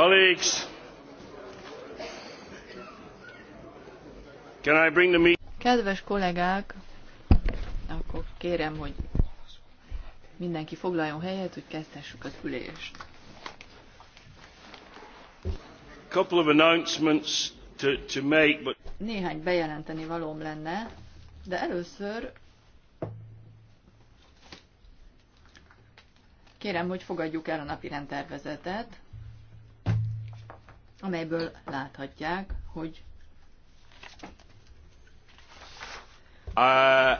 Colleagues, can I bring the Kedves kollégák, akkor kérem, hogy mindenki foglaljon helyet, hogy kezdhessük az ülést. Couple of announcements to, to make, but... Néhány bejelenteni valóm lenne, de először Kérem, hogy fogadjuk el a napi rendtervezetet amelyből láthatják, hogy Uh,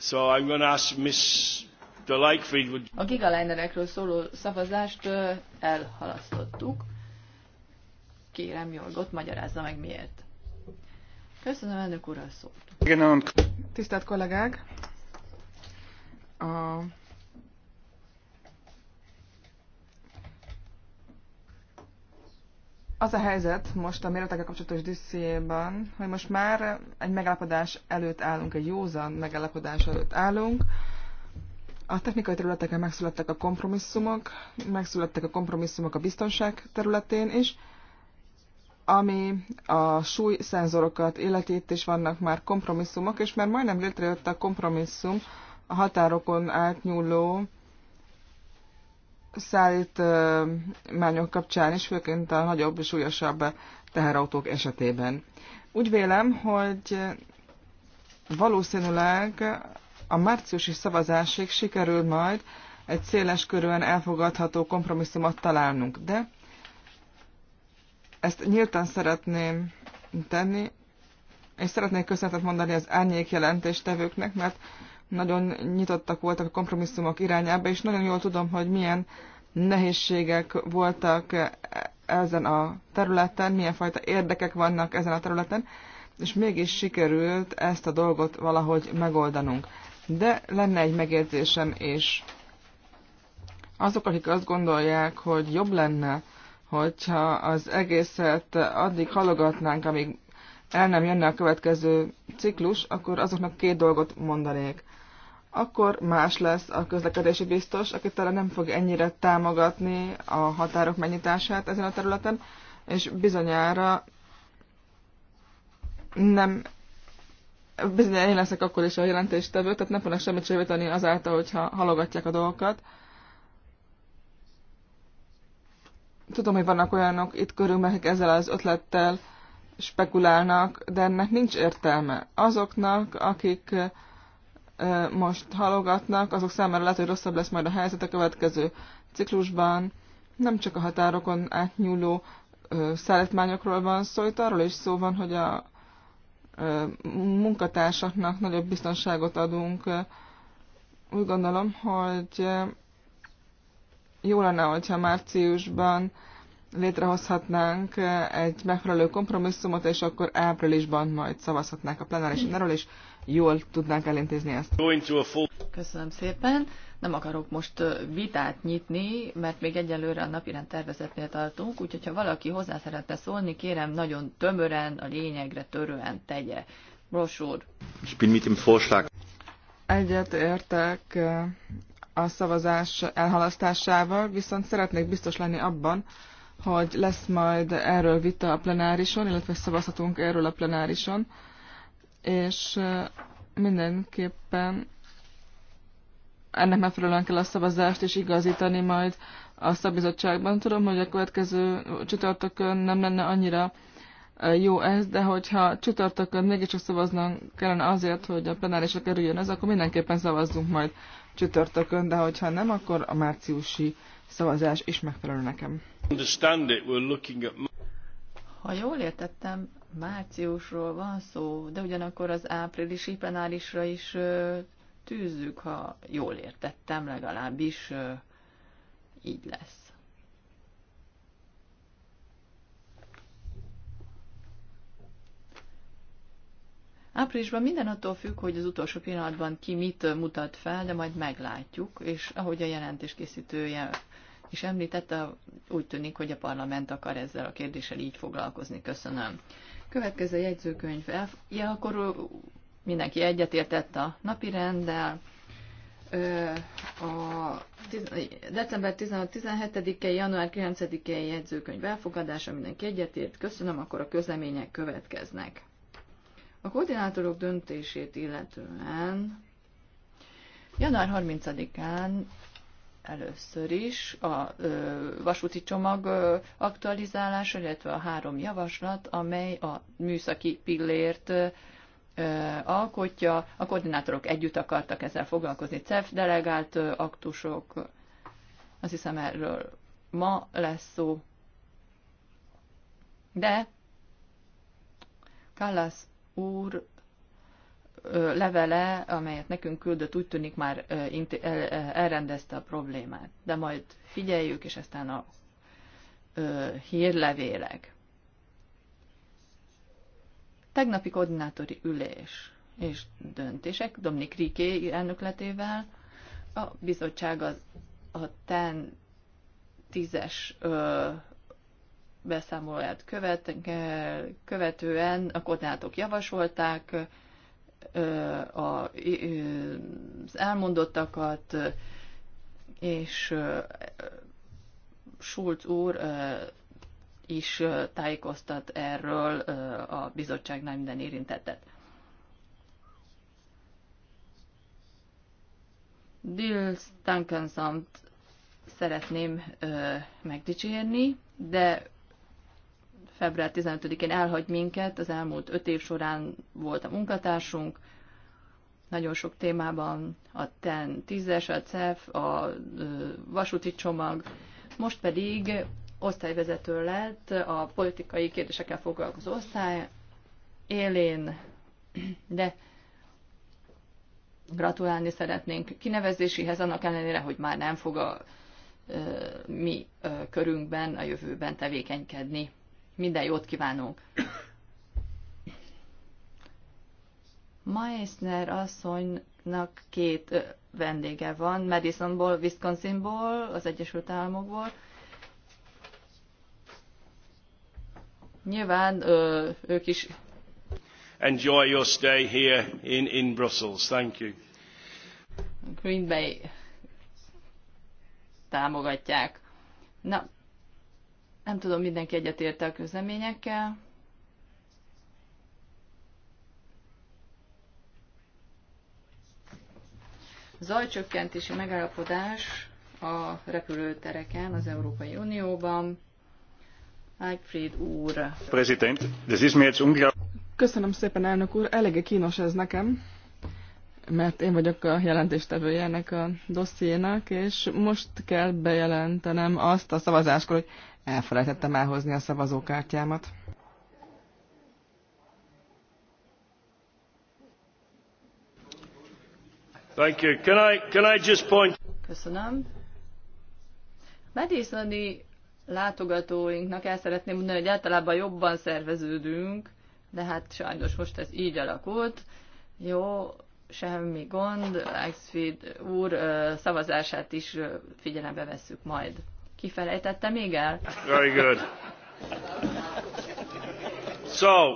so I'm going to ask Miss de would... A gigalinerekről szóló szavazást elhalasztottuk. Kérem Jorgot, magyarázza meg miért. Köszönöm, elnök úr, a szót. Tisztelt kollégák! A az a helyzet most a méretekkel kapcsolatos diszéban, hogy most már egy megállapodás előtt állunk, egy józan megállapodás előtt állunk. A technikai területeken megszülettek a kompromisszumok, megszülettek a kompromisszumok a biztonság területén is, ami a súlyszenzorokat illeti, itt is vannak már kompromisszumok, és már majdnem létrejött a kompromisszum a határokon átnyúló szállítmányok kapcsán is, főként a nagyobb, és súlyosabb teherautók esetében. Úgy vélem, hogy valószínűleg a márciusi szavazásig sikerül majd egy széles körűen elfogadható kompromisszumot találnunk, de ezt nyíltan szeretném tenni, és szeretnék köszönetet mondani az árnyék jelentéstevőknek, mert nagyon nyitottak voltak a kompromisszumok irányába, és nagyon jól tudom, hogy milyen nehézségek voltak ezen a területen, milyen fajta érdekek vannak ezen a területen, és mégis sikerült ezt a dolgot valahogy megoldanunk. De lenne egy megérzésem is. Azok, akik azt gondolják, hogy jobb lenne, hogyha az egészet addig halogatnánk, amíg el nem jönne a következő ciklus, akkor azoknak két dolgot mondanék. Akkor más lesz a közlekedési biztos, aki talán nem fog ennyire támogatni a határok megnyitását ezen a területen, és bizonyára nem bizonyára én leszek akkor is a jelentéstevő, tehát nem fognak semmit sem azáltal, hogyha halogatják a dolgokat. Tudom, hogy vannak olyanok itt körülmények ezzel az ötlettel, spekulálnak, de ennek nincs értelme. Azoknak, akik most halogatnak, azok számára lehet, hogy rosszabb lesz majd a helyzet a következő ciklusban. Nem csak a határokon átnyúló szállítmányokról van szó, itt arról is szó van, hogy a munkatársaknak nagyobb biztonságot adunk. Úgy gondolom, hogy jó lenne, hogyha márciusban létrehozhatnánk egy megfelelő kompromisszumot, és akkor áprilisban majd szavazhatnánk a plenáris erről, és jól tudnánk elintézni ezt. Köszönöm szépen. Nem akarok most vitát nyitni, mert még egyelőre a napirend tervezetnél tartunk, úgyhogy ha valaki hozzá szeretne szólni, kérem nagyon tömören, a lényegre törően tegye. Brosúr. Egyet értek a szavazás elhalasztásával, viszont szeretnék biztos lenni abban, hogy lesz majd erről vita a plenárison, illetve szavazhatunk erről a plenárison, és mindenképpen ennek megfelelően kell a szavazást is igazítani majd a szabizottságban. Tudom, hogy a következő csütörtökön nem lenne annyira jó ez, de hogyha csütörtökön mégiscsak szavaznom kellene azért, hogy a plenárisra kerüljön ez, akkor mindenképpen szavazzunk majd csütörtökön, de hogyha nem, akkor a márciusi szavazás is megfelelő nekem. Ha jól értettem, márciusról van szó, de ugyanakkor az áprilisi penálisra is tűzzük, ha jól értettem, legalábbis így lesz. Áprilisban minden attól függ, hogy az utolsó pillanatban ki mit mutat fel, de majd meglátjuk, és ahogy a jelentés készítője és említette, úgy tűnik, hogy a parlament akar ezzel a kérdéssel így foglalkozni. Köszönöm. Következő jegyzőkönyv. Ja, akkor mindenki egyetértett a napi renddel. A december 16-17-e, január 9-e jegyzőkönyv elfogadása, mindenki egyetért. Köszönöm, akkor a közlemények következnek. A koordinátorok döntését illetően január 30-án először is a vasúti csomag aktualizálása, illetve a három javaslat, amely a műszaki pillért alkotja. A koordinátorok együtt akartak ezzel foglalkozni. CEF delegált aktusok, azt hiszem erről ma lesz szó. De Kallas úr levele, amelyet nekünk küldött, úgy tűnik már e, elrendezte a problémát. De majd figyeljük, és aztán a hírlevélek. Tegnapi koordinátori ülés és döntések Dominik Riké elnökletével a bizottság az, a TEN 10-es beszámolóját követ, követően a koordinátok javasolták, az elmondottakat, és Schulz úr is tájékoztat erről a bizottságnál minden érintettet. Dils Tankensamt szeretném megdicsérni, de február 15-én elhagy minket, az elmúlt öt év során volt a munkatársunk, nagyon sok témában a TEN 10-es, a CEF, a vasúti csomag, most pedig osztályvezető lett a politikai kérdésekkel foglalkozó osztály élén, de gratulálni szeretnénk kinevezéséhez, annak ellenére, hogy már nem fog a mi körünkben a jövőben tevékenykedni. Minden jót kívánunk! Meissner asszonynak két vendége van, Madisonból, Wisconsinból, az Egyesült Államokból. Nyilván ö, ők is. Enjoy your stay here in, in Brussels. Thank you. Green Bay támogatják. Na, nem tudom, mindenki egyetérte a közleményekkel. Zajcsökkentési megállapodás a repülőtereken az Európai Unióban. Alfred úr. President, this is me, Köszönöm szépen, elnök úr. Elege kínos ez nekem, mert én vagyok a jelentéstevője ennek a dossziénak, és most kell bejelentenem azt a szavazáskor, hogy Elfelejtettem elhozni a szavazókártyámat. Thank you. Can I, can I just point... Köszönöm. Mediszlani látogatóinknak el szeretném mondani, hogy általában jobban szerveződünk, de hát sajnos most ez így alakult. Jó, semmi gond, Axfid úr szavazását is figyelembe vesszük majd. Kifelejtette még el? Very good. So.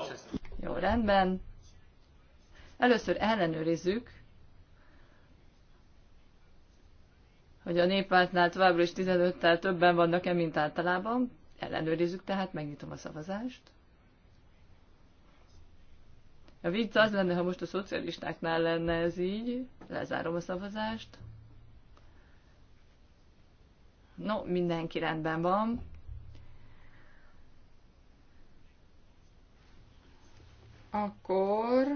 Jó, rendben. Először ellenőrizzük, hogy a néppártnál továbbra is 15-tel többen vannak-e, mint általában. Ellenőrizzük tehát, megnyitom a szavazást. A vicc az lenne, ha most a szocialistáknál lenne ez így. Lezárom a szavazást. No, mindenki rendben van. Akkor...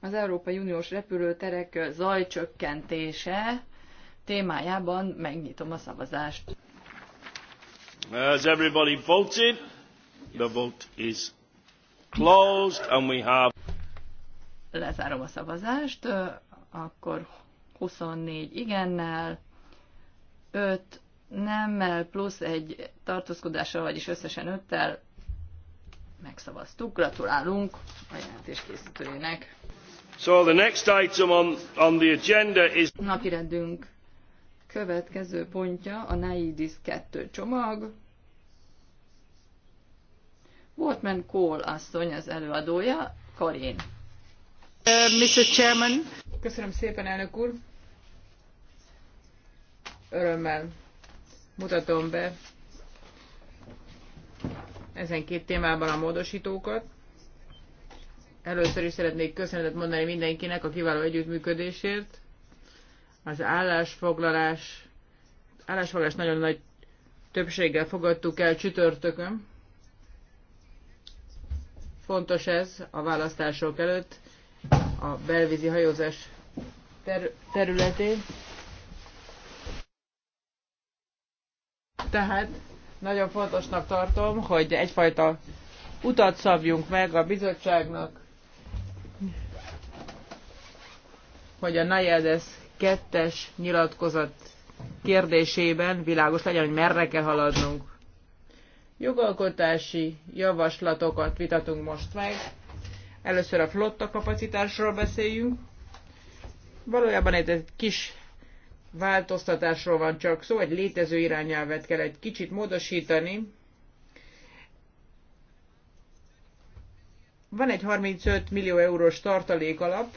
Az Európai Uniós repülőterek zajcsökkentése témájában megnyitom a szavazást. As everybody voted? The vote is closed and we have Lezárom a szavazást, akkor 24 igennel, 5 nemmel, plusz egy tartózkodással, vagyis összesen 5-tel megszavaztuk. Gratulálunk a jelentéskészítőjének. So the next item on, on the agenda is... Napirendünk következő pontja a Naidis 2 csomag. Wortman Cole asszony az előadója, Karin. Uh, Köszönöm szépen, elnök úr. Örömmel mutatom be ezen két témában a módosítókat. Először is szeretnék köszönetet mondani mindenkinek a kiváló együttműködésért. Az állásfoglalás, állásfoglalás nagyon nagy többséggel fogadtuk el csütörtökön. Fontos ez a választások előtt a belvízi hajózás ter- területén. Tehát nagyon fontosnak tartom, hogy egyfajta utat szabjunk meg a bizottságnak, hogy a Nayades 2-es nyilatkozat kérdésében világos legyen, hogy merre kell haladnunk. Jogalkotási javaslatokat vitatunk most meg. Először a flotta kapacitásról beszéljünk. Valójában itt egy kis változtatásról van csak szó, egy létező irányelvet kell egy kicsit módosítani. Van egy 35 millió eurós tartalék alap,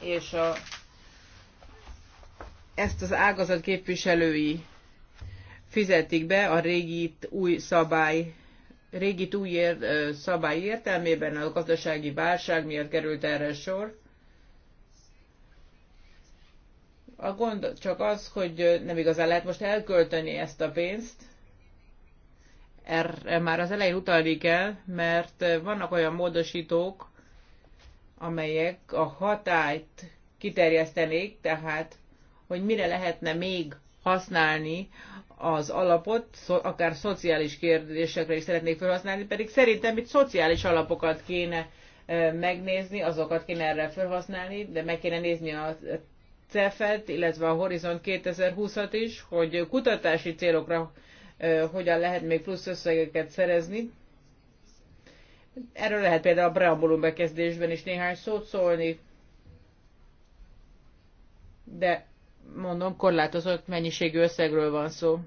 és a, ezt az ágazat képviselői fizetik be a régi új szabály régi új ér, szabály értelmében a gazdasági válság miatt került erre sor. A gond csak az, hogy nem igazán lehet most elkölteni ezt a pénzt. Erre már az elején utalni kell, mert vannak olyan módosítók, amelyek a hatályt kiterjesztenék, tehát hogy mire lehetne még használni az alapot, akár szociális kérdésekre is szeretnék felhasználni, pedig szerintem itt szociális alapokat kéne megnézni, azokat kéne erre felhasználni, de meg kéne nézni a CEFET, illetve a Horizont 2020-at is, hogy kutatási célokra hogyan lehet még plusz összegeket szerezni. Erről lehet például a preambulum bekezdésben is néhány szót szólni, de mondom, korlátozott mennyiségű összegről van szó.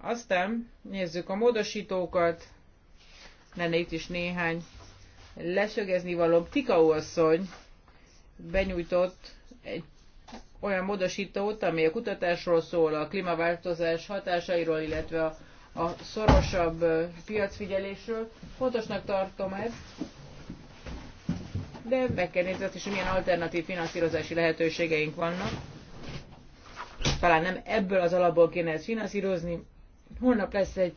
Aztán nézzük a módosítókat, lenne itt is néhány leszögezni való. Tikau asszony benyújtott egy olyan módosítót, ami a kutatásról szól, a klímaváltozás hatásairól, illetve a, a szorosabb piacfigyelésről. Fontosnak tartom ezt, de meg kell nézni azt is, hogy milyen alternatív finanszírozási lehetőségeink vannak. Talán nem ebből az alapból kéne ezt finanszírozni. Holnap lesz egy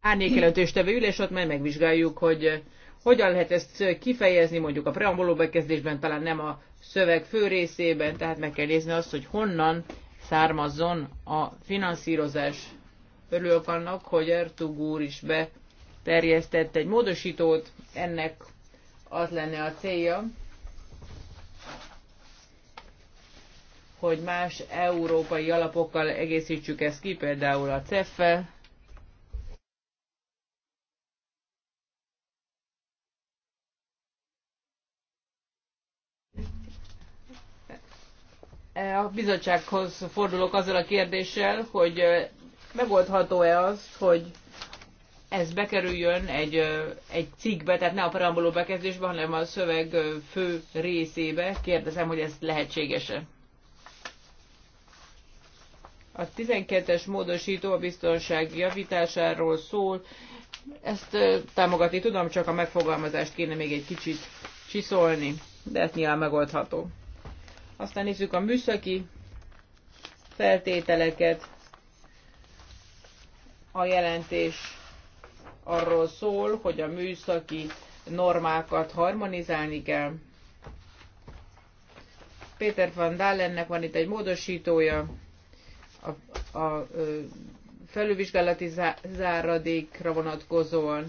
árnyékelőtős tevő ülés, ott majd megvizsgáljuk, hogy eh, hogyan lehet ezt eh, kifejezni, mondjuk a preambuló bekezdésben, talán nem a szöveg fő részében, tehát meg kell nézni azt, hogy honnan származzon a finanszírozás. Örülök annak, hogy Ertug úr is beterjesztett egy módosítót ennek az lenne a célja, hogy más európai alapokkal egészítsük ezt ki, például a CEF-fel, a bizottsághoz fordulok azzal a kérdéssel, hogy megoldható-e az, hogy ez bekerüljön egy, egy cikkbe, tehát ne a parambuló bekezdésbe, hanem a szöveg fő részébe. Kérdezem, hogy ez lehetséges-e. A 12-es módosító a biztonság javításáról szól. Ezt támogatni tudom, csak a megfogalmazást kéne még egy kicsit csiszolni, de ez nyilván megoldható. Aztán nézzük a műszaki feltételeket, a jelentés arról szól, hogy a műszaki normákat harmonizálni kell. Péter van Dálennek van itt egy módosítója, a, a felülvizsgálati záradékra vonatkozóan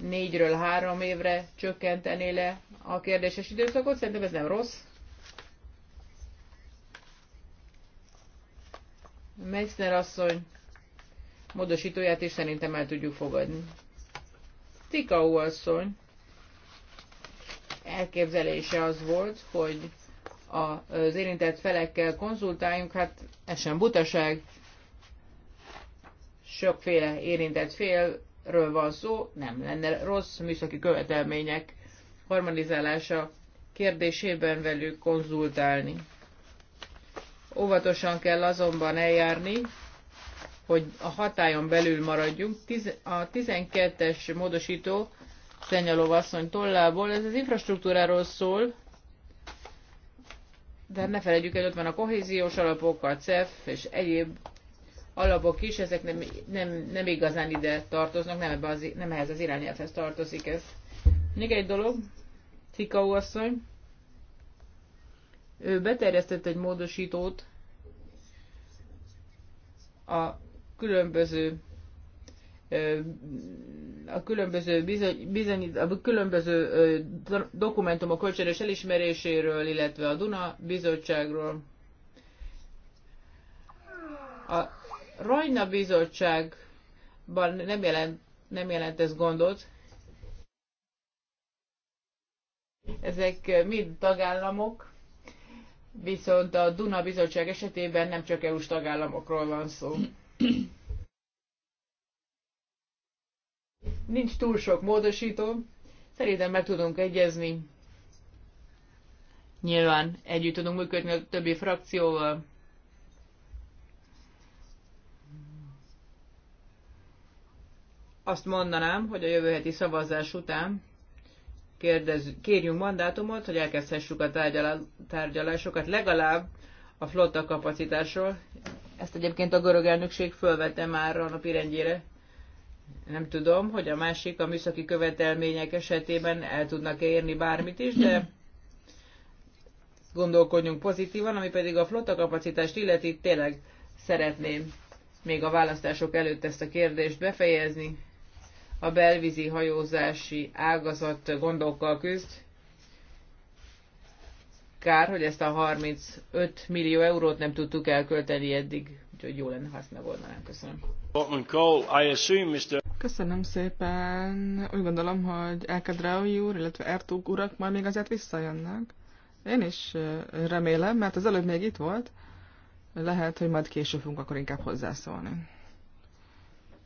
négyről három évre csökkenteni le a kérdéses időszakot. Szerintem ez nem rossz. Meissner asszony módosítóját is szerintem el tudjuk fogadni. Tikau asszony elképzelése az volt, hogy az érintett felekkel konzultáljunk, hát ez sem butaság. Sokféle érintett félről van szó, nem lenne rossz műszaki követelmények harmonizálása kérdésében velük konzultálni. Óvatosan kell azonban eljárni, hogy a hatályon belül maradjunk. A 12-es módosító Szenyalov asszony tollából, ez az infrastruktúráról szól, de ne felejtjük el, ott van a kohéziós alapok, a CEF és egyéb alapok is, ezek nem, nem, nem igazán ide tartoznak, nem, ebbe az, nem ehhez az irányelvhez tartozik ez. Még egy dolog, Cikau asszony, ő beterjesztett egy módosítót a különböző a különböző, bizony, bizony, a különböző dokumentumok kölcsönös elismeréséről, illetve a Duna bizottságról. A Rajna bizottságban nem jelent, nem jelent ez gondot. Ezek mind tagállamok, viszont a Duna bizottság esetében nem csak EU-s tagállamokról van szó. Nincs túl sok módosító, szerintem meg tudunk egyezni. Nyilván együtt tudunk működni a többi frakcióval. Azt mondanám, hogy a jövő heti szavazás után kérdez, kérjünk mandátumot, hogy elkezdhessük a tárgyalásokat legalább a flotta kapacitásról, ezt egyébként a görög elnökség fölvette már a napi rendjére. Nem tudom, hogy a másik, a műszaki követelmények esetében el tudnak -e érni bármit is, de gondolkodjunk pozitívan, ami pedig a flotta kapacitást illeti, tényleg szeretném még a választások előtt ezt a kérdést befejezni. A belvízi hajózási ágazat gondokkal küzd, kár, hogy ezt a 35 millió eurót nem tudtuk elkölteni eddig, úgyhogy jó lenne, ha ezt megoldanánk. Köszönöm. Köszönöm szépen. Úgy gondolom, hogy Elkadraui úr, illetve Ertug urak már még azért visszajönnek. Én is remélem, mert az előbb még itt volt. Lehet, hogy majd később fogunk akkor inkább hozzászólni.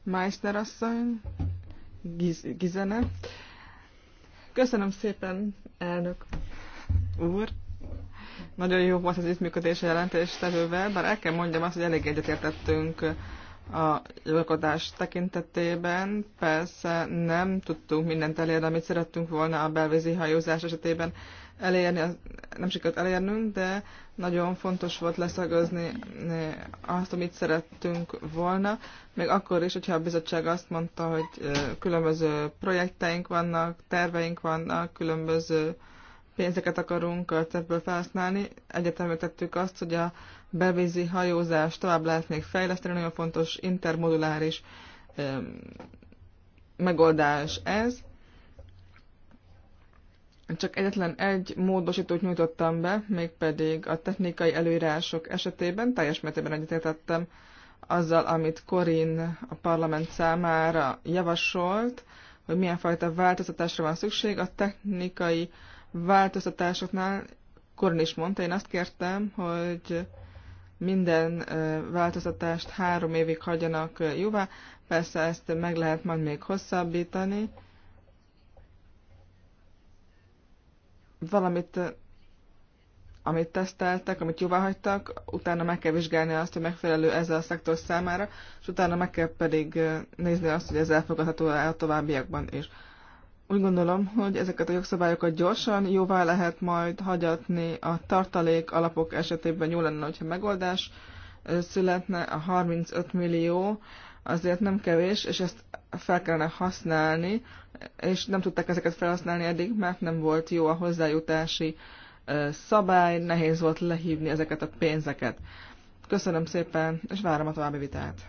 Meissner asszony, Giz Gizene. Köszönöm szépen, elnök úr. Nagyon jó volt az együttműködés a jelentéstevővel, bár el kell mondjam azt, hogy elég egyetértettünk a jogodás tekintetében. Persze nem tudtunk mindent elérni, amit szerettünk volna a belvízi hajózás esetében elérni, nem sikerült elérnünk, de nagyon fontos volt leszögözni azt, amit szerettünk volna, még akkor is, hogyha a bizottság azt mondta, hogy különböző projekteink vannak, terveink vannak, különböző pénzeket akarunk ebből felhasználni. Egyetemre tettük azt, hogy a bevízi hajózás tovább lehet még fejleszteni, nagyon fontos intermoduláris megoldás ez. Csak egyetlen egy módosítót nyújtottam be, mégpedig a technikai előírások esetében teljes mértékben egyetértettem azzal, amit Korin a parlament számára javasolt, hogy milyen fajta változtatásra van szükség. A technikai uh, változtatásoknál, Koron is mondta, én azt kértem, hogy minden változtatást három évig hagyjanak jóvá, persze ezt meg lehet majd még hosszabbítani. Valamit, amit teszteltek, amit jóvá hagytak, utána meg kell vizsgálni azt, hogy megfelelő ez a szektor számára, és utána meg kell pedig nézni azt, hogy ez elfogadható -e a továbbiakban is. Úgy gondolom, hogy ezeket a jogszabályokat gyorsan jóvá lehet majd hagyatni. A tartalék alapok esetében jó lenne, hogyha megoldás születne. A 35 millió azért nem kevés, és ezt fel kellene használni, és nem tudták ezeket felhasználni eddig, mert nem volt jó a hozzájutási szabály, nehéz volt lehívni ezeket a pénzeket. Köszönöm szépen, és várom a további vitát.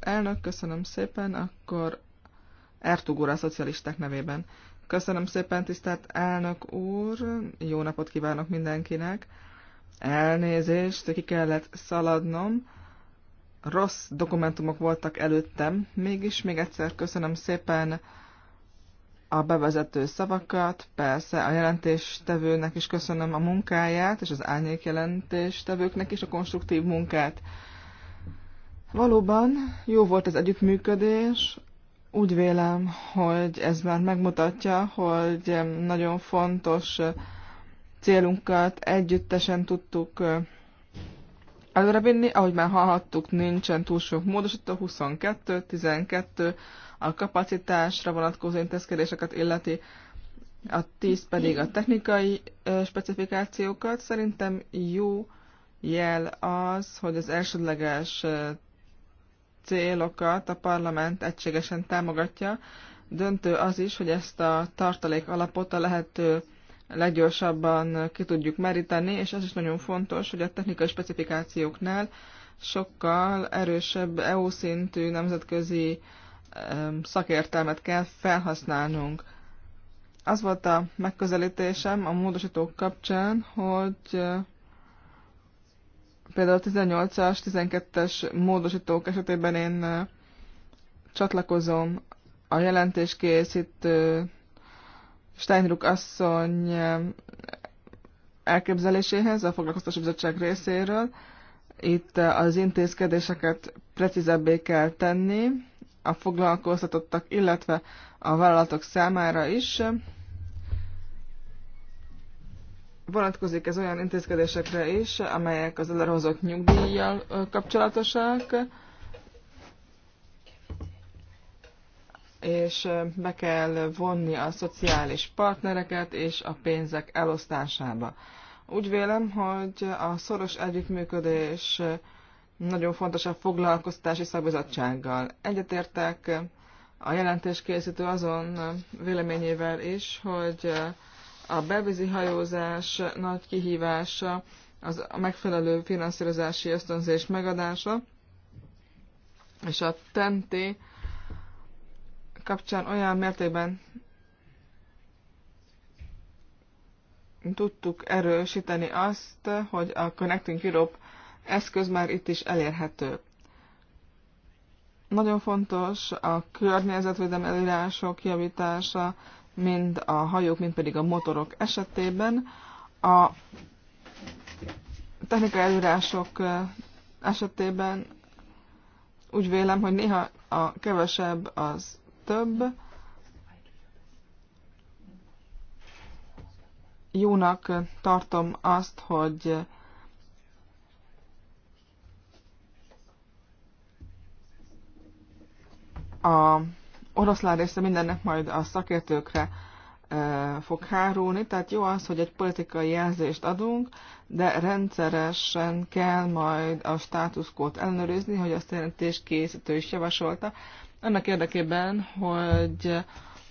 Elnök, köszönöm szépen, akkor Ertug úr a szocialisták nevében. Köszönöm szépen, tisztelt elnök úr, jó napot kívánok mindenkinek. Elnézést, ki kellett szaladnom. Rossz dokumentumok voltak előttem, mégis még egyszer köszönöm szépen a bevezető szavakat, persze a jelentéstevőnek is köszönöm a munkáját, és az árnyék jelentéstevőknek is a konstruktív munkát. Valóban jó volt az együttműködés, úgy vélem, hogy ez már megmutatja, hogy nagyon fontos célunkat együttesen tudtuk előrevinni. Ahogy már hallhattuk, nincsen túl sok módosító, 22, 12 a kapacitásra vonatkozó intézkedéseket illeti, a 10 pedig a technikai specifikációkat. Szerintem jó jel az, hogy az elsődleges célokat a parlament egységesen támogatja. Döntő az is, hogy ezt a tartalék alapot a lehető leggyorsabban ki tudjuk meríteni, és az is nagyon fontos, hogy a technikai specifikációknál sokkal erősebb EU szintű nemzetközi szakértelmet kell felhasználnunk. Az volt a megközelítésem a módosítók kapcsán, hogy Például a 18-as, 12-es módosítók esetében én csatlakozom a jelentéskészítő Steinruck asszony elképzeléséhez a foglalkoztatási bizottság részéről. Itt az intézkedéseket precízebbé kell tenni a foglalkoztatottak, illetve a vállalatok számára is vonatkozik ez olyan intézkedésekre is, amelyek az előrehozott nyugdíjjal kapcsolatosak, és be kell vonni a szociális partnereket és a pénzek elosztásába. Úgy vélem, hogy a szoros együttműködés nagyon fontos a foglalkoztatási szakbizottsággal. Egyetértek a jelentéskészítő azon véleményével is, hogy a belvízi hajózás nagy kihívása az a megfelelő finanszírozási ösztönzés megadása, és a TNT kapcsán olyan mértékben tudtuk erősíteni azt, hogy a Connecting Europe eszköz már itt is elérhető. Nagyon fontos a környezetvédelmi előírások javítása, mind a hajók, mind pedig a motorok esetében. A technikai előrások esetében úgy vélem, hogy néha a kevesebb az több. Jónak tartom azt, hogy a oroszlán része mindennek majd a szakértőkre e, fog hárulni, tehát jó az, hogy egy politikai jelzést adunk, de rendszeresen kell majd a státuszkót ellenőrizni, hogy azt jelentés készítő is javasolta, annak érdekében, hogy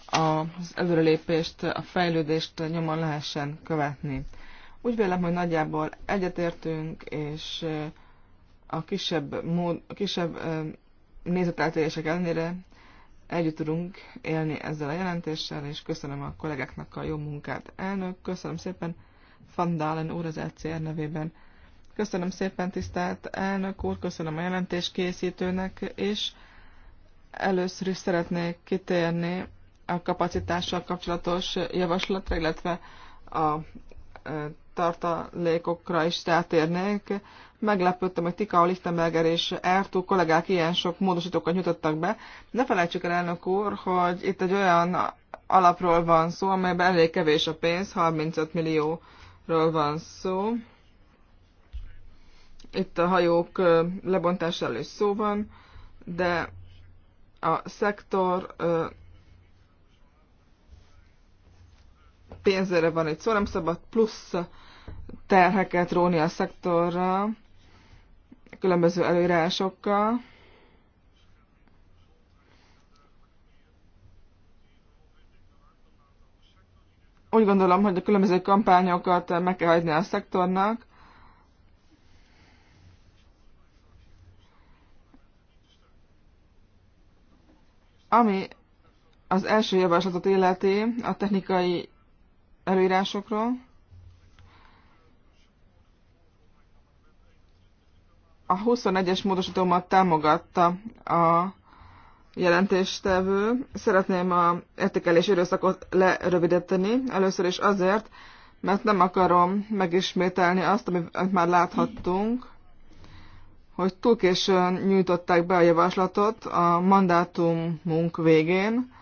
az előrelépést, a fejlődést nyomon lehessen követni. Úgy vélem, hogy nagyjából egyetértünk, és a kisebb, mód, a kisebb e, nézeteltérések ellenére együtt tudunk élni ezzel a jelentéssel, és köszönöm a kollégáknak a jó munkát. Elnök, köszönöm szépen Van Dalen úr az LCR e nevében. Köszönöm szépen tisztelt elnök úr, köszönöm a jelentés készítőnek, és először is szeretnék kitérni a kapacitással kapcsolatos javaslatra, illetve a tartalékokra is rátérnék. Meglepődtem, hogy tika Lichtenberger és Ertó kollégák ilyen sok módosítókat nyújtottak be. Ne felejtsük el, elnök úr, hogy itt egy olyan alapról van szó, amelyben elég kevés a pénz, 35 millióról van szó. Itt a hajók lebontásáról is szó van, de a szektor pénzére van itt szó, nem szabad plusz terheket róni a szektorra, különböző előírásokkal. Úgy gondolom, hogy a különböző kampányokat meg kell hagyni a szektornak, ami az első javaslatot illeti, a technikai előírásokról. A 21-es módosítómat támogatta a jelentéstevő. Szeretném a értékelés időszakot lerövidíteni. Először is azért, mert nem akarom megismételni azt, amit már láthattunk, hogy túl későn nyújtották be a javaslatot a mandátumunk végén,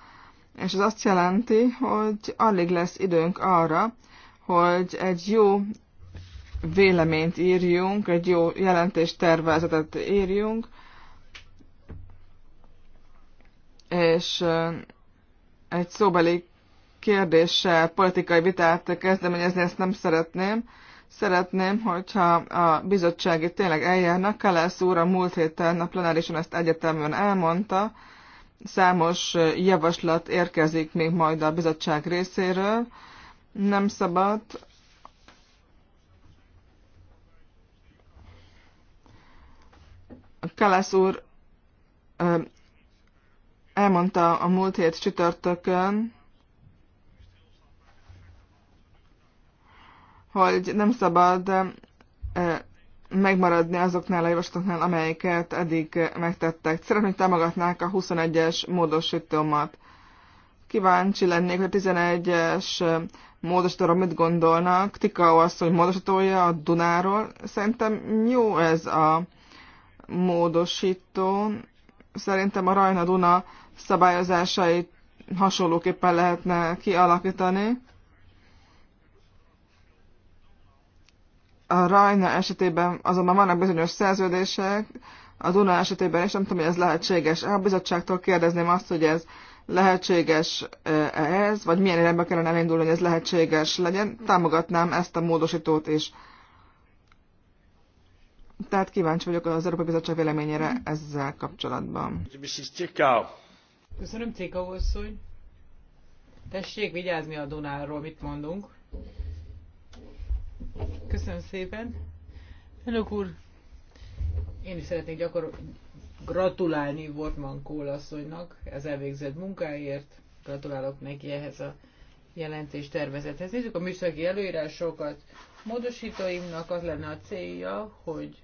és ez azt jelenti, hogy alig lesz időnk arra, hogy egy jó véleményt írjunk, egy jó jelentéstervezetet írjunk, és egy szóbeli kérdéssel politikai vitát kezdeményezni, ezt nem szeretném. Szeretném, hogyha a bizottsági tényleg eljárnak. Kalász úr a múlt héten a plenárison ezt egyetemben elmondta, számos javaslat érkezik még majd a bizottság részéről. Nem szabad Kalász úr elmondta a múlt hét csütörtökön, hogy nem szabad megmaradni azoknál a javaslatoknál, amelyeket eddig megtettek. Szeretném, hogy támogatnák a 21-es módosítómat. Kíváncsi lennék, hogy a 11-es módosítóra mit gondolnak. Tika hogy módosítója a Dunáról. Szerintem jó ez a módosító. Szerintem a Rajna Duna szabályozásait hasonlóképpen lehetne kialakítani. A Rajna esetében azonban vannak bizonyos szerződések, a Duna esetében is nem tudom, hogy ez lehetséges. A bizottságtól kérdezném azt, hogy ez lehetséges e, ez, vagy milyen irányba kellene elindulni, hogy ez lehetséges legyen. Támogatnám ezt a módosítót is. Tehát kíváncsi vagyok az Európai Bizottság véleményére ezzel kapcsolatban. Köszönöm, Cika Tessék vigyázni a Dunáról, mit mondunk. Köszönöm szépen. Önök úr, én is szeretnék gyakor gratulálni Wortman Kohl asszonynak az elvégzett munkáért. Gratulálok neki ehhez a jelentés tervezethez. Nézzük a műszaki előírásokat. Módosítóimnak az lenne a célja, hogy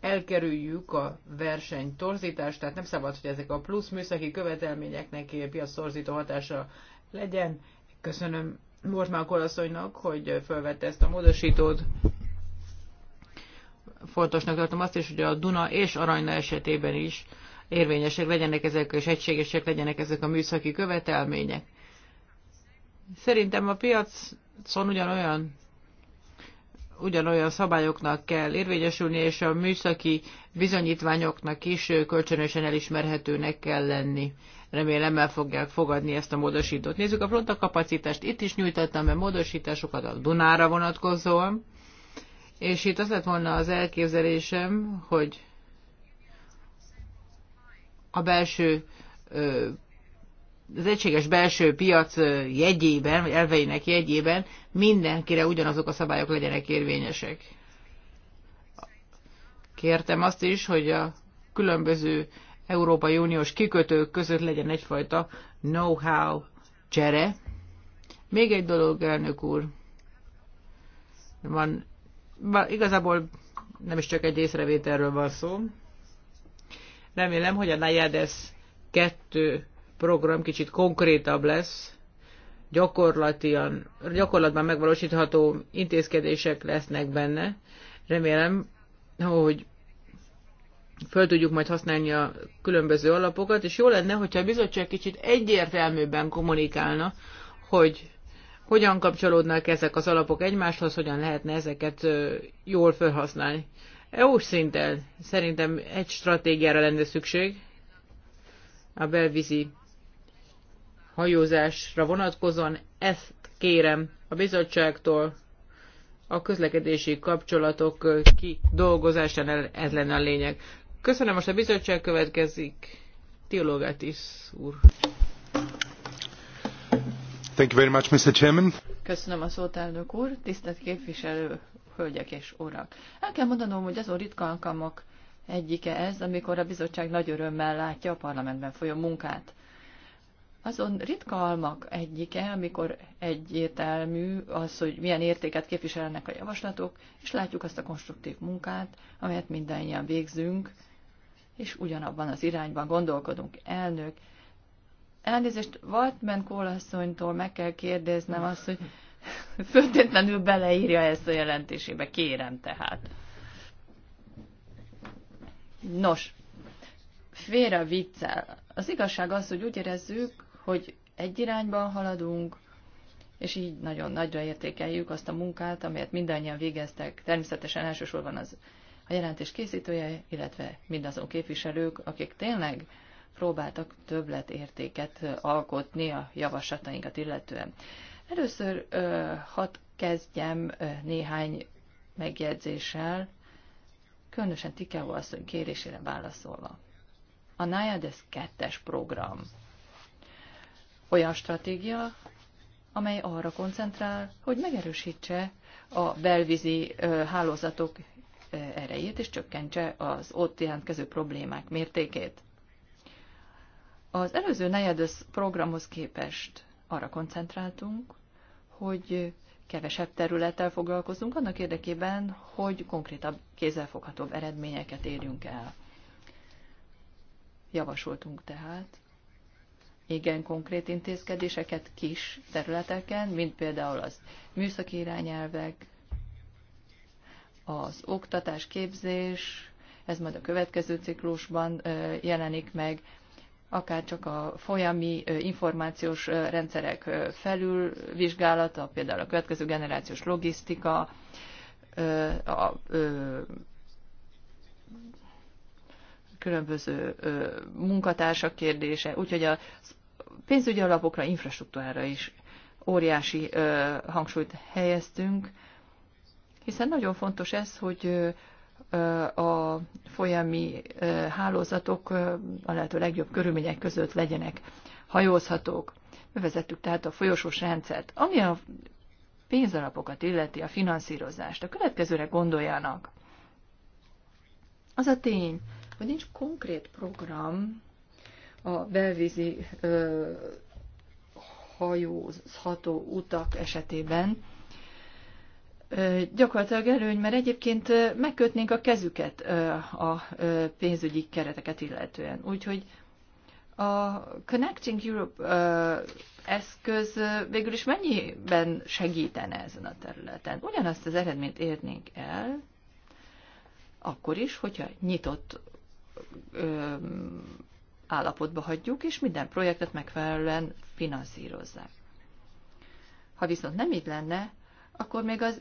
elkerüljük a verseny torzítást, tehát nem szabad, hogy ezek a plusz műszaki követelményeknek piac torzító hatása legyen. Köszönöm Mortmán korasszonynak, hogy felvette ezt a módosítót. Fontosnak tartom azt is, hogy a Duna és Aranyna esetében is érvényesek legyenek ezek, és egységesek legyenek ezek a műszaki követelmények. Szerintem a piacon ugyanolyan ugyanolyan szabályoknak kell érvényesülni, és a műszaki bizonyítványoknak is kölcsönösen elismerhetőnek kell lenni remélem el fogják fogadni ezt a módosítót. Nézzük a frontakapacitást, kapacitást, itt is nyújtottam be módosításokat a Dunára vonatkozóan, és itt az lett volna az elképzelésem, hogy a belső az egységes belső piac jegyében, vagy elveinek jegyében mindenkire ugyanazok a szabályok legyenek érvényesek. Kértem azt is, hogy a különböző Európai Uniós kikötők között legyen egyfajta know-how csere. Még egy dolog, elnök úr. Van, van, igazából nem is csak egy észrevételről van szó. Remélem, hogy a Nayades 2 program kicsit konkrétabb lesz, gyakorlatban megvalósítható intézkedések lesznek benne. Remélem, hogy föl tudjuk majd használni a különböző alapokat, és jó lenne, hogyha a bizottság kicsit egyértelműbben kommunikálna, hogy hogyan kapcsolódnak ezek az alapok egymáshoz, hogyan lehetne ezeket jól felhasználni. eu szinten szerintem egy stratégiára lenne szükség a belvízi hajózásra vonatkozóan. Ezt kérem a bizottságtól, a közlekedési kapcsolatok kidolgozásánál ez lenne a lényeg. Köszönöm, most a bizottság következik. Teologatis úr. Thank you very much, Mr. Chairman. Köszönöm a szót, elnök úr. Tisztelt képviselő, hölgyek és urak. El kell mondanom, hogy azon ritka alkalmak egyike ez, amikor a bizottság nagy örömmel látja a parlamentben folyó munkát. Azon ritka almak egyike, amikor egyértelmű az, hogy milyen értéket képviselnek a javaslatok, és látjuk azt a konstruktív munkát, amelyet mindannyian végzünk, és ugyanabban az irányban gondolkodunk. Elnök, elnézést, Waltman kólasszonytól meg kell kérdeznem azt, hogy föltétlenül beleírja ezt a jelentésébe, kérem tehát. Nos, félre a viccel. Az igazság az, hogy úgy érezzük, hogy egy irányban haladunk, és így nagyon nagyra értékeljük azt a munkát, amelyet mindannyian végeztek, természetesen elsősorban az a jelentés készítője, illetve mindazon képviselők, akik tényleg próbáltak többletértéket alkotni a javaslatainkat illetően. Először hat kezdjem néhány megjegyzéssel, különösen Tikeo asszony kérésére válaszolva. A NIADES 2-es program olyan stratégia, amely arra koncentrál, hogy megerősítse a belvízi hálózatok erejét, és csökkentse az ott jelentkező problémák mértékét. Az előző negyedös programhoz képest arra koncentráltunk, hogy kevesebb területtel foglalkozunk annak érdekében, hogy konkrétabb, kézzelfoghatóbb eredményeket érjünk el. Javasoltunk tehát igen konkrét intézkedéseket kis területeken, mint például az műszaki irányelvek, az oktatás, képzés, ez majd a következő ciklusban jelenik meg, akár csak a folyami információs rendszerek felülvizsgálata, például a következő generációs logisztika, a különböző munkatársak kérdése, úgyhogy a pénzügyi alapokra, infrastruktúrára is óriási hangsúlyt helyeztünk, hiszen nagyon fontos ez, hogy a folyami hálózatok a lehető legjobb körülmények között legyenek hajózhatók. Bevezettük tehát a folyosós rendszert. Ami a pénzalapokat illeti, a finanszírozást, a következőre gondoljanak. Az a tény, hogy nincs konkrét program a belvízi hajózható utak esetében, gyakorlatilag előny, mert egyébként megkötnénk a kezüket a pénzügyi kereteket illetően. Úgyhogy a Connecting Europe eszköz végül is mennyiben segítene ezen a területen? Ugyanazt az eredményt érnénk el, akkor is, hogyha nyitott állapotba hagyjuk, és minden projektet megfelelően finanszírozzák. Ha viszont nem így lenne, akkor még az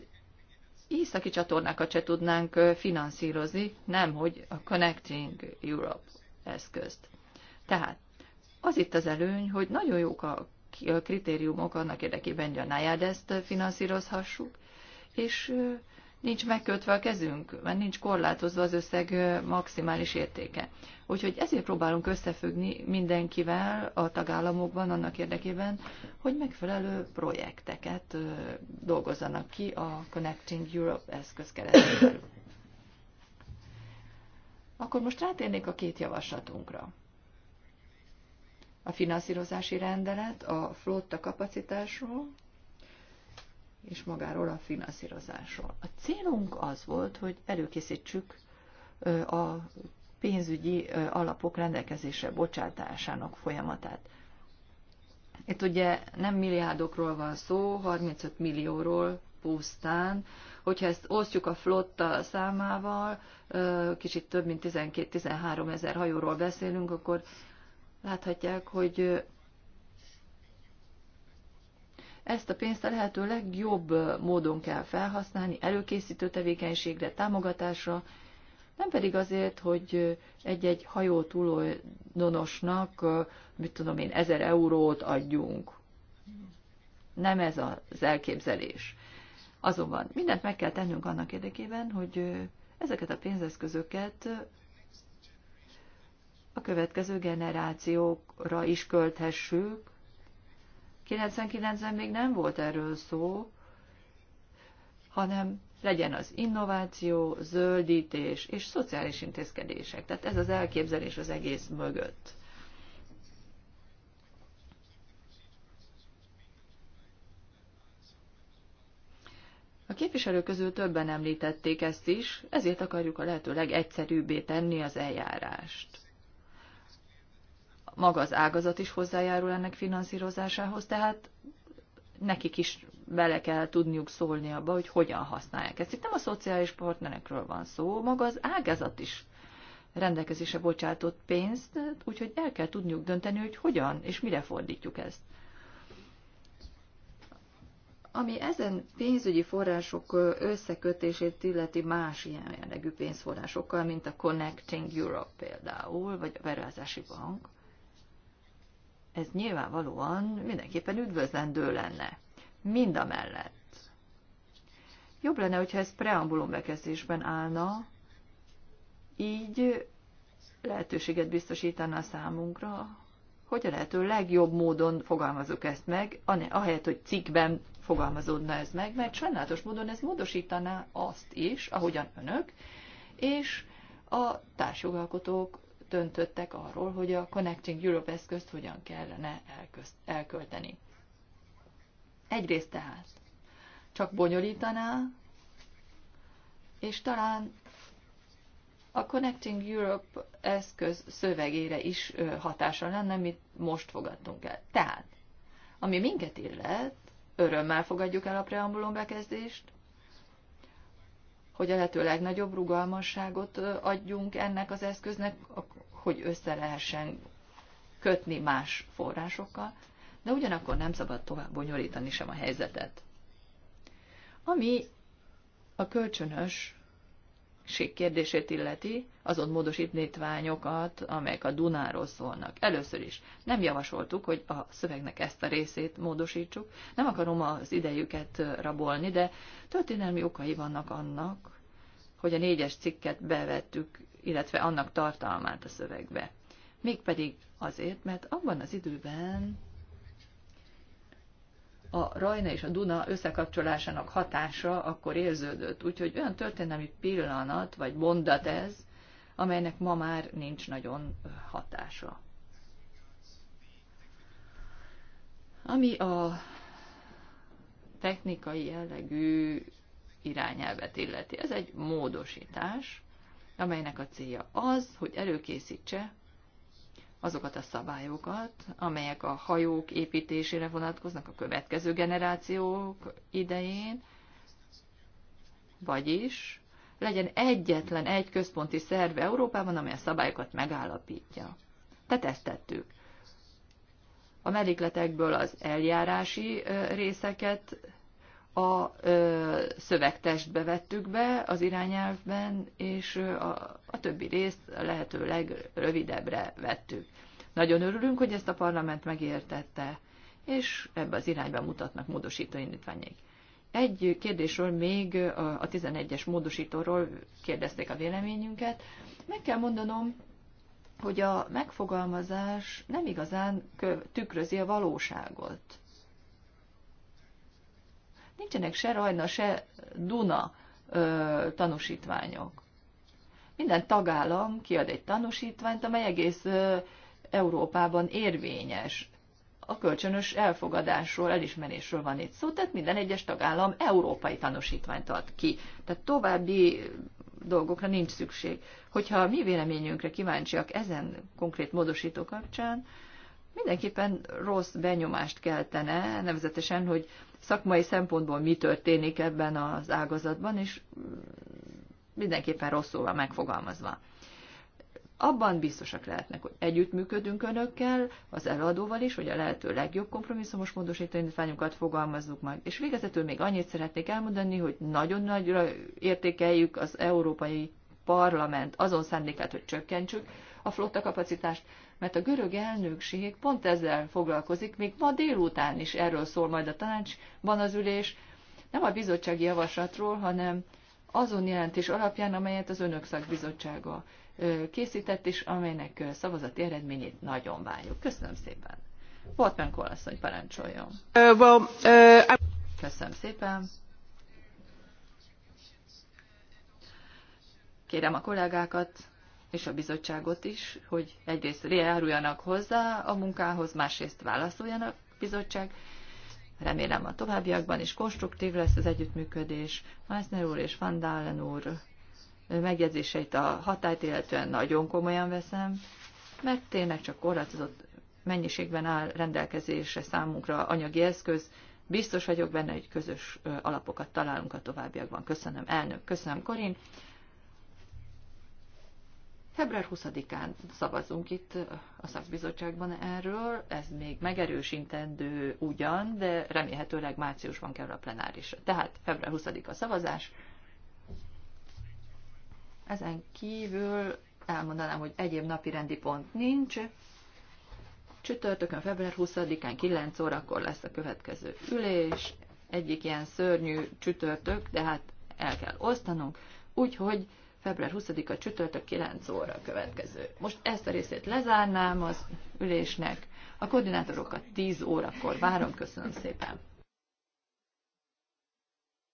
északi csatornákat se tudnánk finanszírozni, nem hogy a Connecting Europe eszközt. Tehát az itt az előny, hogy nagyon jók a kritériumok annak érdekében, hogy a NIAD ezt finanszírozhassuk, és nincs megkötve a kezünk, mert nincs korlátozva az összeg maximális értéke. Úgyhogy ezért próbálunk összefüggni mindenkivel a tagállamokban annak érdekében, hogy megfelelő projekteket dolgozzanak ki a Connecting Europe eszköz keresztül. Akkor most rátérnék a két javaslatunkra. A finanszírozási rendelet a flotta kapacitásról, és magáról a finanszírozásról. A célunk az volt, hogy előkészítsük a pénzügyi alapok rendelkezésre bocsátásának folyamatát. Itt ugye nem milliárdokról van szó, 35 millióról pusztán. Hogyha ezt osztjuk a flotta számával, kicsit több mint 12-13 ezer hajóról beszélünk, akkor láthatják, hogy ezt a pénzt a lehető legjobb módon kell felhasználni, előkészítő tevékenységre, támogatásra, nem pedig azért, hogy egy-egy hajó tulajdonosnak, mit tudom én, ezer eurót adjunk. Nem ez az elképzelés. Azonban mindent meg kell tennünk annak érdekében, hogy ezeket a pénzeszközöket a következő generációkra is költhessük, 99-ben még nem volt erről szó, hanem legyen az innováció, zöldítés és szociális intézkedések. Tehát ez az elképzelés az egész mögött. A képviselők közül többen említették ezt is, ezért akarjuk a lehető legegyszerűbbé tenni az eljárást maga az ágazat is hozzájárul ennek finanszírozásához, tehát nekik is bele kell tudniuk szólni abba, hogy hogyan használják ezt. Itt nem a szociális partnerekről van szó, maga az ágazat is rendelkezésre bocsátott pénzt, úgyhogy el kell tudniuk dönteni, hogy hogyan és mire fordítjuk ezt. Ami ezen pénzügyi források összekötését illeti más ilyen jellegű pénzforrásokkal, mint a Connecting Europe például, vagy a Verázási Bank, ez nyilvánvalóan mindenképpen üdvözlendő lenne. Mind a mellett. Jobb lenne, hogyha ez preambulum bekezdésben állna, így lehetőséget biztosítana számunkra, hogy a lehető legjobb módon fogalmazok ezt meg, ahelyett, hogy cikkben fogalmazódna ez meg, mert sajnálatos módon ez módosítaná azt is, ahogyan önök, és a társjogalkotók döntöttek arról, hogy a Connecting Europe eszközt hogyan kellene elkölteni. Egyrészt tehát csak bonyolítaná, és talán a Connecting Europe eszköz szövegére is hatása lenne, amit most fogadtunk el. Tehát, ami minket illet, örömmel fogadjuk el a preambulum bekezdést, hogy a lehető legnagyobb rugalmasságot adjunk ennek az eszköznek, hogy össze lehessen kötni más forrásokkal, de ugyanakkor nem szabad tovább bonyolítani sem a helyzetet. Ami a kölcsönös kérdését illeti, azon módosítványokat, amelyek a Dunáról szólnak. Először is nem javasoltuk, hogy a szövegnek ezt a részét módosítsuk. Nem akarom az idejüket rabolni, de történelmi okai vannak annak, hogy a négyes cikket bevettük, illetve annak tartalmát a szövegbe. Mégpedig azért, mert abban az időben Rajna és a Duna összekapcsolásának hatása akkor érződött. Úgyhogy olyan történelmi pillanat, vagy mondat ez, amelynek ma már nincs nagyon hatása. Ami a technikai jellegű irányelvet illeti. Ez egy módosítás, amelynek a célja az, hogy előkészítse azokat a szabályokat, amelyek a hajók építésére vonatkoznak a következő generációk idején, vagyis legyen egyetlen egy központi szerve Európában, amely a szabályokat megállapítja. Tehát ezt tettük. A merikletekből az eljárási részeket a ö, szövegtestbe vettük be az irányelvben, és a, a többi részt a lehető legrövidebbre vettük. Nagyon örülünk, hogy ezt a parlament megértette, és ebbe az irányba mutatnak módosító indítványék. Egy kérdésről még, a 11-es módosítóról kérdezték a véleményünket. Meg kell mondanom, hogy a megfogalmazás nem igazán tükrözi a valóságot nincsenek se Rajna, se Duna ö, tanúsítványok. Minden tagállam kiad egy tanúsítványt, amely egész ö, Európában érvényes. A kölcsönös elfogadásról, elismerésről van itt szó, tehát minden egyes tagállam európai tanúsítványt ad ki. Tehát további dolgokra nincs szükség. Hogyha a mi véleményünkre kíváncsiak ezen konkrét módosító kapcsán, mindenképpen rossz benyomást keltene, nevezetesen, hogy szakmai szempontból mi történik ebben az ágazatban, és mm, mindenképpen rosszul van megfogalmazva. Abban biztosak lehetnek, hogy együttműködünk önökkel, az eladóval is, hogy a lehető legjobb kompromisszumos módosítványokat fogalmazzuk meg. És végezetül még annyit szeretnék elmondani, hogy nagyon nagyra értékeljük az Európai Parlament azon szándékát, hogy csökkentsük a flotta kapacitást, mert a görög elnökség pont ezzel foglalkozik, még ma délután is erről szól majd a tanácsban az ülés, nem a bizottsági javaslatról, hanem azon jelentés alapján, amelyet az önök szakbizottsága készített, és amelynek szavazati eredményét nagyon várjuk. Köszönöm szépen. Volt Kolaszony, parancsoljon. Uh, well, Köszönöm szépen. Kérem a kollégákat, és a bizottságot is, hogy egyrészt járuljanak hozzá a munkához, másrészt válaszoljanak a bizottság. Remélem a továbbiakban is konstruktív lesz az együttműködés. Meissner úr és Van Dalen úr megjegyzéseit a hatályt illetően nagyon komolyan veszem, mert tényleg csak korlátozott mennyiségben áll rendelkezésre számunkra anyagi eszköz. Biztos vagyok benne, hogy közös alapokat találunk a továbbiakban. Köszönöm elnök, köszönöm Korin. Február 20-án szavazunk itt a szakbizottságban erről, ez még megerősítendő ugyan, de remélhetőleg márciusban kerül a plenárisra. Tehát február 20-a a szavazás. Ezen kívül elmondanám, hogy egyéb napi rendi pont nincs. Csütörtökön, február 20-án 9 órakor lesz a következő ülés. Egyik ilyen szörnyű csütörtök, de hát el kell osztanunk. Úgyhogy február 20-a csütörtök 9 óra a következő. Most ezt a részét lezárnám az ülésnek. A koordinátorokat 10 órakor várom. Köszönöm szépen.